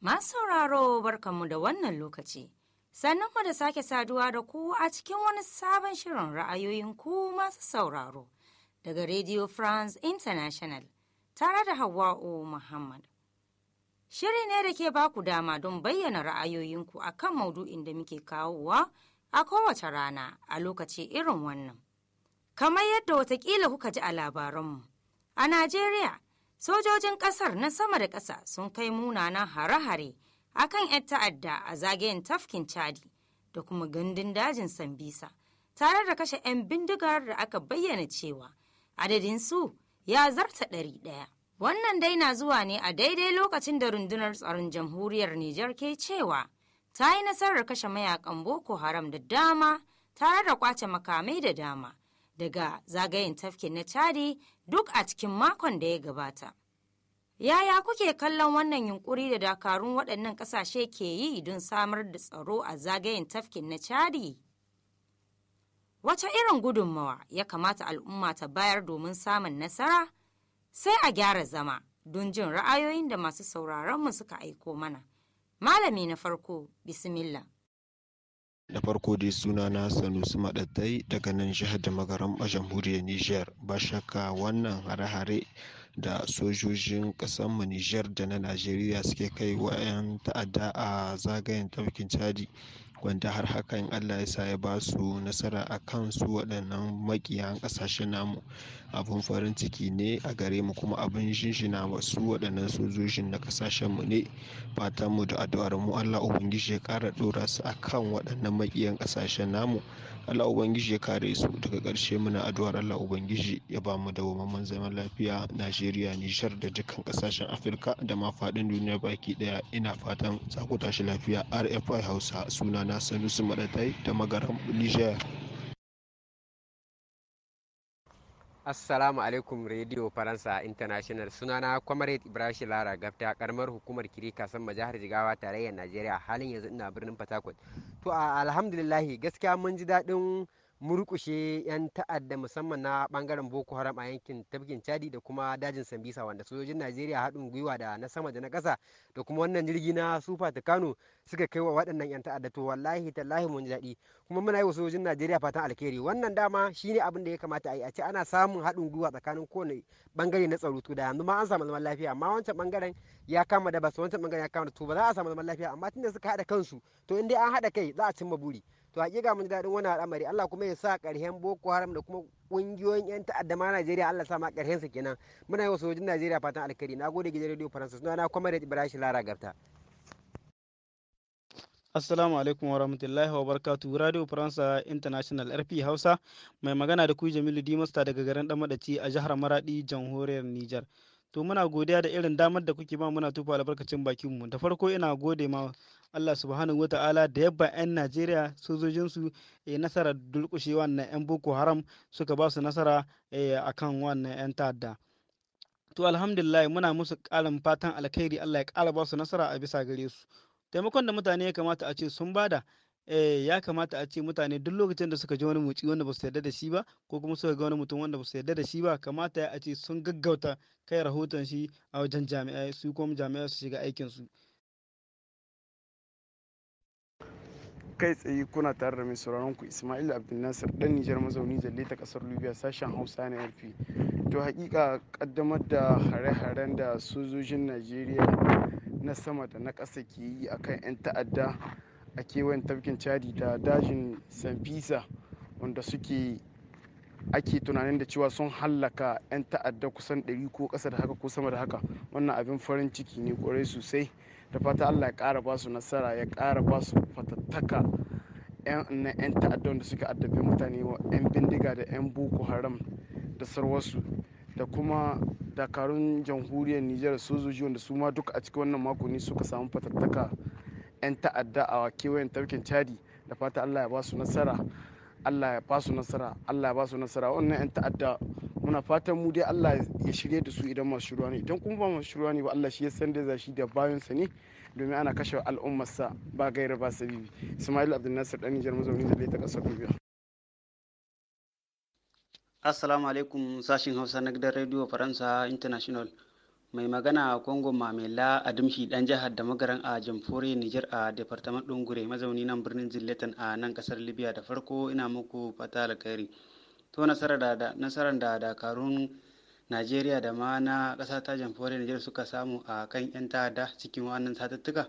Masu sauraro barkanmu da wannan lokaci, sannan mu da sake saduwa da ku a cikin wani sabon shirin ra'ayoyin ku masu sauraro daga Radio France International tare da O Muhammad. Shiri ne da ke baku dama don bayyana ra'ayoyinku a kan maudu'in da muke kawowa a kowace rana a lokaci irin wannan. Kamar yadda watakila kuka ji a labaranmu, a Najeriya Sojojin ƙasar na sama da ƙasa sun kai munanan hare-hare a kan 'yan ta'adda a zagayen tafkin Chadi da kuma gandun dajin Sambisa, tare da kashe 'yan bindigar da aka bayyana cewa adadin su ya zarta ɗari ɗaya. Wannan dai na zuwa ne a daidai lokacin da rundunar tsaron jamhuriyar Nijar ke cewa ta yi nasarar kashe mayakan Boko Haram da dama tare da kwace makamai da dama daga zagayen tafkin na Chadi duk a cikin makon da ya gabata. Yaya kuke kallon wannan yunkuri da dakarun waɗannan ƙasashe ke yi don samar da tsaro a zagayen tafkin na Chadi? wata irin gudunmawa ya kamata al'umma ta bayar domin samun nasara? Sai a gyara zama don jin ra'ayoyin da masu sauraronmu suka aiko mana. Malami na farko, Bismillah. Da farko dai suna sunana Sanusi Maɗattai daga nan jihar da magaram a jamhuriyar Nijar. Ba shakka wannan hare-hare da sojojin mu Nijar da na Najeriya suke kai wa 'yan ta'adda a zagayen tafkin Chadi wanda har hakan Allah ya sa ya ba su nasara a kan su waɗannan maƙiyan ƙasashen namu abun farin ciki ne a gare mu kuma abin shinshina masu waɗannan sojojin na ƙasashen mu ne fatan mu da addu'ar mu Allah ubangiji ya ƙara ɗora su akan waɗannan maƙiyan ƙasashen namu Allah Ubangiji ya kare su daga karshe muna addu'ar Allah Ubangiji ya ba mu waman zaman lafiya Najeriya Nijar da dukkan kasashen Afirka da ma faɗin duniya baki ɗaya ina fatan za ku tashi lafiya RFI Hausa sunana Sanusi Madatai da magaram niger Assalamu alaikum Radio Faransa International sunana Comrade Ibrahim Lara Gafta karamar hukumar Kiri kasan majahar Jigawa tarayyar Najeriya halin yanzu ina birnin Fatakwal. To alhamdulillah gaskiya mun ji daɗin murkushe 'yan ta'adda musamman na bangaren boko haram a yankin tafkin chadi da kuma dajin sambisa wanda sojojin najeriya haɗin gwiwa da na sama da na ƙasa da kuma wannan jirgi na sufa kano suka kai wa waɗannan 'yan ta'adda to wallahi tallahi mun daɗi kuma muna yi wa sojojin najeriya fatan alkhairi wannan dama shine abin da ya kamata a yi a ce ana samun haɗin gwiwa tsakanin kowane bangare na tsaro to da yanzu ma an samu zaman lafiya amma wancan bangaren ya kama da basu wancan bangaren ya kama da to ba za a samu zaman lafiya amma tunda suka haɗa kansu to in dai an haɗa kai za a cimma buri to hakika mun ji daɗin wannan al'amari Allah kuma ya sa karhen Boko Haram da kuma ƙungiyoyin 'yan ta'adda ma Najeriya Allah sa ma ƙarshen kenan muna yi wa sojojin Najeriya fatan alkhairi na gode gidan Radio Faransa suna na da Ibrahim Lara Garta Assalamu alaikum wa rahmatullahi wa barakatu Radio Faransa International RP Hausa mai magana da ku Jamilu Dimasta daga garin Damadaci a jihar Maradi jamhuriyar Nijar. to muna godiya da irin damar da kuke ba muna tufa albarkacin bakin mu da farko ina gode ma Allah subhanahu wata'ala da yabba 'yan Najeriya sojojinsu e, nasarar dulkushe wannan 'yan Boko Haram suka ba su nasara eh, akan wannan 'yan ta'adda. To alhamdulillah muna musu ƙarin fatan alkhairi Allah ya ƙara ba su nasara a bisa gare su. Taimakon da mutane ya kamata a ce sun bada eh ya kamata a ce mutane duk lokacin da suka ji wani motsi wanda ba su yarda da shi ba ko kuma suka ga wani mutum wanda ba su yarda da shi ba kamata a ce sun gaggauta kai rahoton shi a wajen jami'ai su kuma jami'ai su shiga aikin su kai tsaye kuna tare da mai sauraron ku Ismail Abdulnasir dan Nijar mazauni jalle ta kasar Libya sashen Hausa na RP to hakika kaddamar da hare-haren da sojojin Najeriya na sama da na ƙasa ke yi akan 'yan ta'adda a kewayen tafkin chadi da dajin san sanfisa wanda suke ake tunanin da cewa sun hallaka 'yan ta'adda kusan 100 ko kasa da haka ko sama da haka wannan abin farin ciki ne kwarai sosai da fata allah ya kara basu nasara ya kara basu fatattaka 'yan ta'adda wanda suka addabi mutane wa 'yan bindiga da 'yan boko haram da sarwarsu da kuma dakarun jamhuriyar nijar sojoji wanda su ma duka a cikin wannan mako ne suka samu fatattaka 'yan ta'adda a kewayen tafkin chadi da fata allah ya ba su nasara allah ya ba su nasara allah ya ba su nasara wannan 'yan ta'adda muna fatan mu dai allah ya shirye da su idan masu shirwa ne idan kuma ba masu shirwa ne ba allah shi ya san da zashi da bayansa ne domin ana kashe al'ummarsa ba gaira ba sabibi ismail abdulnasir dan nijar mazauni da ta kasar dubiya assalamu alaikum sashin hausa na gidan radio faransa international mai magana a kongo mamela a dumshi dan jihar da magaran a jamhuriyar niger a departament d'ungure gure mazauni nan birnin zilletan a nan kasar libya da farko ina muku fata alkhairi to nasarar da dakarun najeriya da ma na kasa ta jamhuriyar niger suka samu a kan 'yan ta'adda cikin wannan satattuka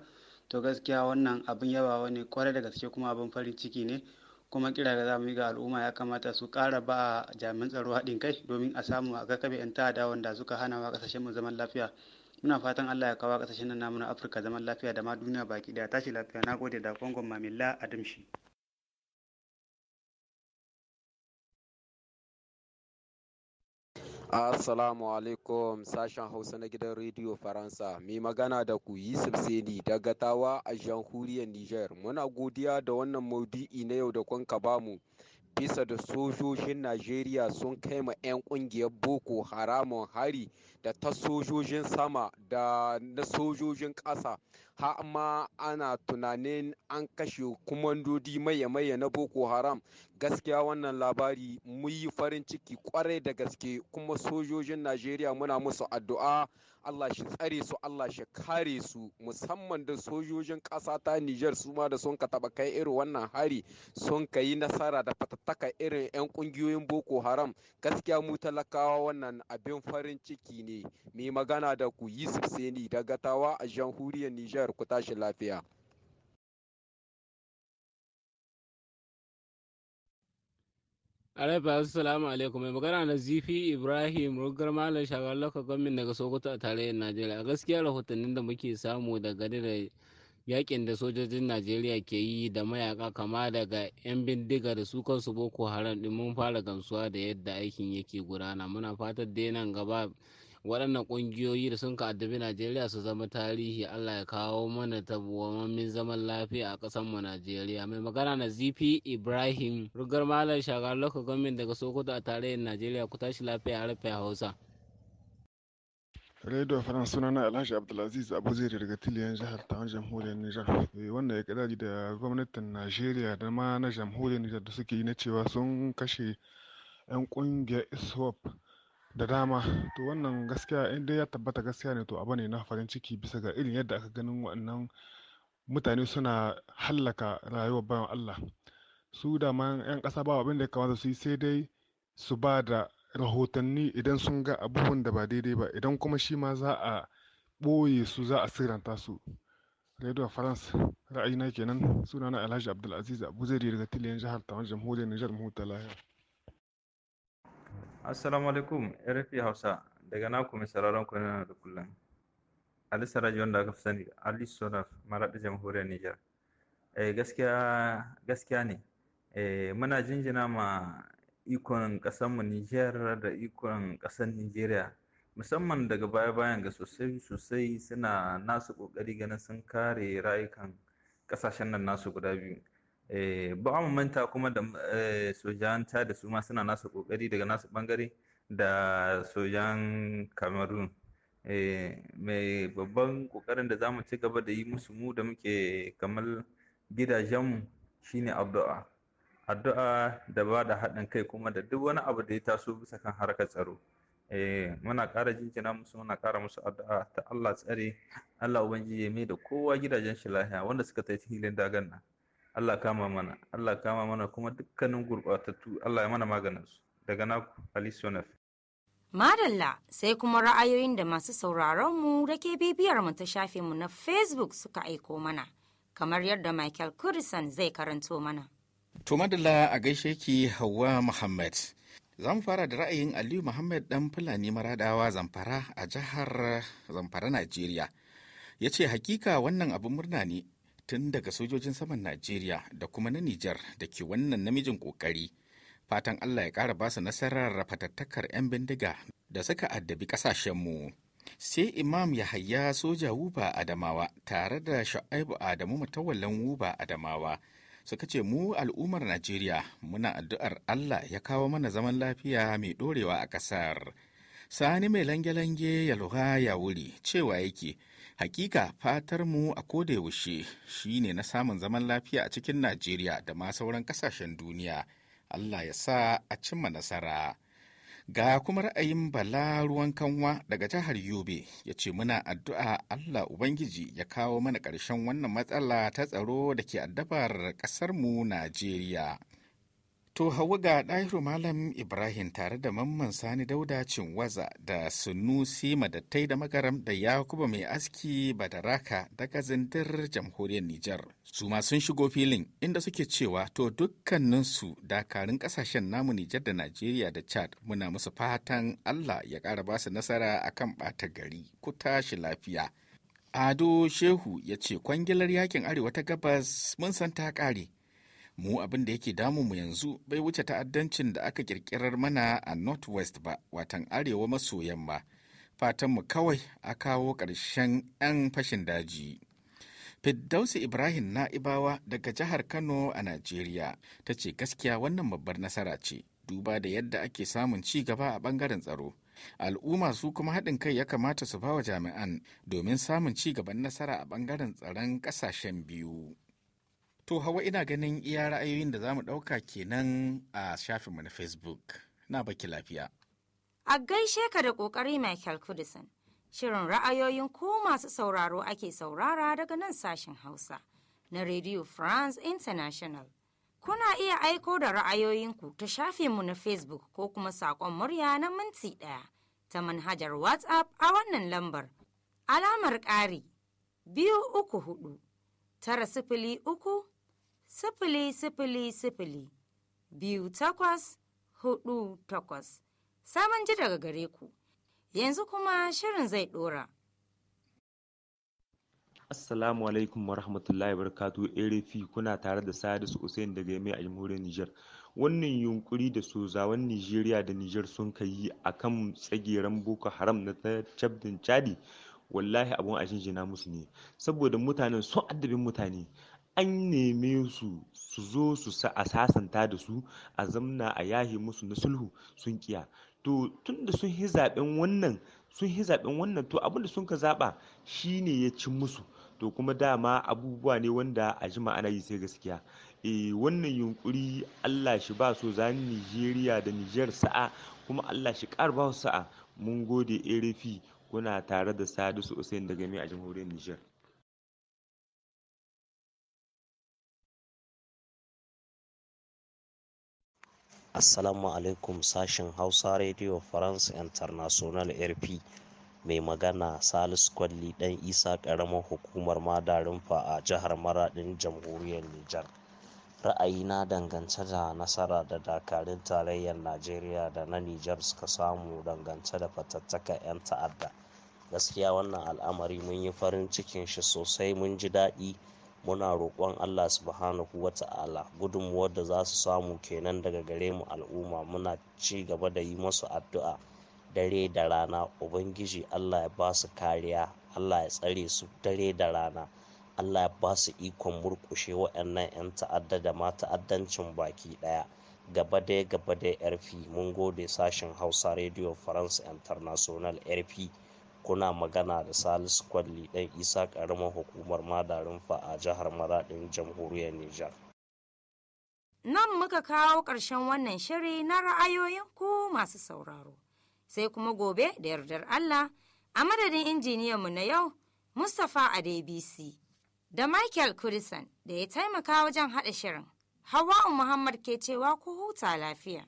to gaskiya wannan abin yaba wani kwarai da gaske kuma abin farin ciki ne kuma kira da zamu yi ga al'umma ya kamata su kara ba jami'an tsaro haɗin kai domin a samu a kabe 'yan ta'ada wanda suka hana wa kasashen mu zaman lafiya muna fatan Allah ya kawo kasashen nan namu na Afirka zaman lafiya da ma duniya baki daya tashi lafiya na gode da kongon mamilla adamshi Assalamu alaikum sashen Hausa na gidan Radio Faransa. Mai magana da ku Yusuf Seni daga Tawa a jamhuriyar Niger. Muna godiya da wannan maudu'i na yau da kun ka bamu. bisa da sojojin Najeriya sun kai ma 'yan kungiyar Boko Haramun hari da ta sojojin sama da na sojojin ƙasa har ma ana tunanin an kashe kumandodi maye-maye na boko haram gaskiya wannan labari muyi farin ciki kwarai da gaske kuma sojojin najeriya muna musu addu'a allah shi tsare su allah shi kare su musamman da sojojin ƙasa ta nijar su ma da sun ka taɓa kai irin wannan hari sun ka yi nasara da fatattaka irin 'yan kungiyoyin boko haram gaskiya mu talakawa wannan abin farin ciki ne mai magana da ku yusuf seni daga tawa a jamhuriyar nijar. Nijar ku tashi lafiya. Alaifa, assalamu alaikum. Mai magana na Zifi Ibrahim Rugar Malam Shagar Loka daga Sokoto a tarayyar Najeriya. A gaskiya rahotannin da muke samu da daga da yakin da sojojin Najeriya ke yi da mayaka kama daga 'yan bindiga da su kansu Boko Haram din mun fara gamsuwa da yadda aikin yake gudana. Muna fatan da nan gaba waɗannan ƙungiyoyi da sun addabi najeriya su zama tarihi allah ya kawo mana tabbamin zaman lafiya a ƙasar mu najeriya mai magana na zp ibrahim rugar malam shagar Loka daga sokoto a tarayyar najeriya ku tashi lafiya a rufe hausa radio faransa suna na alhaji abdulaziz zai daga tiliyan jihar ta jamhuriyar nijar eh, wanda ya kadari da gwamnatin najeriya da ma na jamhuriyar nijar da suke yi na cewa sun kashe 'yan ƙungiyar iswap da dama to wannan gaskiya in dai ya tabbata gaskiya ne to abu ne na farin ciki bisa ga irin yadda aka ganin wannan mutane suna hallaka rayuwar bayan Allah su da ma 'yan ƙasa ba abin da ya kamata su yi sai dai su ba da rahotanni idan sun ga abubuwan da ba daidai ba idan kuma shi ma za a ɓoye su za a siranta su radio france na kenan sunana alhaji abdulaziz abu zai daga tiliyan jihar tawon jamhuriyar nijar mahuta lahiya Assalamu alaikum RFI Hausa daga naku mai sauraron ku na da kullum. Ali Saraji wanda aka fi sani Ali Sonaf Maraɗi Jamhuriyar niger Eh gaskiya ne. Eh muna jinjina ma ikon ƙasarmu Nijar da ikon ƙasar nigeria musamman daga baya-bayan ga sosai sosai suna nasu ƙoƙari ganin sun kare rayukan ƙasashen nan nasu guda biyu Eh, ba mu manta kuma da eh, sojanta da su ma suna nasu kokari daga nasu bangare da sojan cameroon eh, mai babban kokarin da za mu ci gaba da yi musu mu da muke kamar gidajenmu shine addu'a addu'a da ba da haɗin kai kuma da duk wani abu da ya taso bisa kan harkar tsaro muna ƙara jinjina musu muna ƙara musu addu'a ta Allah tsare Allah ubangiji ya mai da kowa gidajen shi lahiya wanda suka tafi hilin dagan nan Allah kama mana Allah kama mana kuma dukkanin gurbatattu Allah ya mana maganin daga naku Alisionef Madalla sai kuma ra'ayoyin da masu sauraron mu da ke bibiyar mu ta shafe mu na Facebook suka aiko mana kamar yadda Michael Curison zai karanto mana To madalla a gaishe ki Hauwa Muhammad za fara da ra'ayin aliyu muhammad dan fulani maradawa zamfara a jihar zamfara najeriya ya ce hakika wannan abin murna ne tun daga sojojin saman Najeriya da kuma na Nijar da ke wannan namijin ƙoƙari. Fatan Allah ya ƙara basu nasarar rafatattakar 'yan bindiga da suka addabi ƙasashenmu. Sai Imam Yahaya Soja Wuba Adamawa tare da Sha'aibu Adamu Mutawallan Wuba Adamawa suka ce mu al'ummar Najeriya muna addu'ar Allah ya kawo mana zaman lafiya mai ɗorewa a ƙasar. sani mai lange-lange ya lura ya wuri cewa yake hakika fatar mu a kodayaushe shine na samun zaman lafiya a cikin najeriya da ma sauran kasashen duniya allah ya sa a cimma nasara ga kuma ra'ayin bala ruwan kanwa daga jihar yobe ya ce muna addu'a allah ubangiji ya kawo mana ƙarshen wannan matsala ta tsaro da ke addabar ƙasarmu najeriya To hawa ga ɗahiru Malam Ibrahim tare da Mamman Sani Dauda cin waza da Sunusi Madattai da Magaram da Yakuba Mai Aski Badaraka daga zindir jamhuriyar Nijar. Su ma sun shigo filin inda suke cewa to dukkaninsu dakarun ƙasashen namu Nijar da Najeriya da Chad muna musu fatan Allah ya ƙara basu nasara akan ɓata gari ku tashi lafiya. Ado Shehu ya ce kwangilar yakin arewa ta gabas mun san ta ƙare. mu abin da yake damu mu yanzu bai wuce ta'addancin da aka kirkirar mana a northwest ba watan arewa maso yamma fatanmu kawai a kawo ƙarshen 'yan fashin daji fiddausi ibrahim na'ibawa daga jihar kano a nigeria ta ce gaskiya wannan babbar nasara ce duba da yadda ake samun ci gaba a bangaren tsaro al'umma su kuma haɗin kai ya kamata su ba wa jami'an domin samun ci gaban nasara a bangaren tsaron ƙasashen biyu To hawa ina ganin iya ra'ayoyin da za mu ɗauka kenan a shafinmu na Facebook. Na baki lafiya. A gaishe ka da ƙoƙari Michael Kudisin. Shirin ra'ayoyin ko masu sauraro ake saurara daga nan sashen Hausa na Radio France International. Kuna iya aiko da ra'ayoyinku ta shafinmu na Facebook ko kuma saƙon murya na minti ɗaya ta manhajar WhatsApp a wannan lambar. Alamar ƙari biyu uku hudu tara sifili uku sifili sifili sifili biyu takwas hudu takwas. Sabon ji daga gare ku. Yanzu kuma shirin zai ɗora. Assalamu alaikum wa rahmatullahi barkatu RFI kuna tare da Sadis usain daga mai a jamhuriyar Nijar. Wannan yunkuri da sozawan Nijeriya da Nijar sun kai a kan tsageren Boko Haram na cabdin Chadi wallahi abun ajinjina na musu ne saboda mutanen sun addabin mutane an neme su su zo su a sasanta da su a zamna a yahi musu na sulhu sun kiya to tun da sun yi zaben wannan sun yi zaɓen wannan to abinda sun ka zaba shine ya ci musu to kuma dama abubuwa ne wanda a ji ana yi sai gaskiya e wannan yunkuri Allah shi ba so zani Nigeria da Niger sa'a kuma Allah shi ƙara ba sa'a mun gode arp kuna tare da Sadisu Hussein daga mai a jamhuriyar Niger Assalamu alaikum sashen Hausa Radio France International RP mai magana Salisu Kwalli Dan Isa ƙaramin hukumar Madarinfa a jihar Maraɗin jamhuriyar Nijar. Ra'ayina dangance da nasara da dakarun tarayyar Najeriya da na Niger suka samu dangance da fatattaka 'yan ta'adda. Gaskiya wannan al'amari mun yi farin cikin shi sosai mun ji daɗi. muna roƙon allah subhanahu wa ta'ala gudunmuwar da za su samu kenan daga gare mu al'umma muna ci gaba da yi masu addu'a dare da rana ubangiji allah ya ba su kariya allah ya tsare su dare da rana allah ya ba su ikon murƙushe waɗannan 'yan ta'adda da ma ta'addancin baki ɗaya gaba daya gaba daya rp mun gode sashen hausa radio france international rp kuna magana da salisu kwalli dan isa karamar hukumar madarin fa a jihar maraɗin jamhuriyar nijar nan muka kawo ƙarshen wannan shiri na ra'ayoyin ku masu sauraro sai kuma gobe da yardar allah a madadin injiniyanmu na yau mustapha adebisi da michael kudisan da ya taimaka wajen haɗa shirin hawa'un muhammad ke cewa ku huta lafiya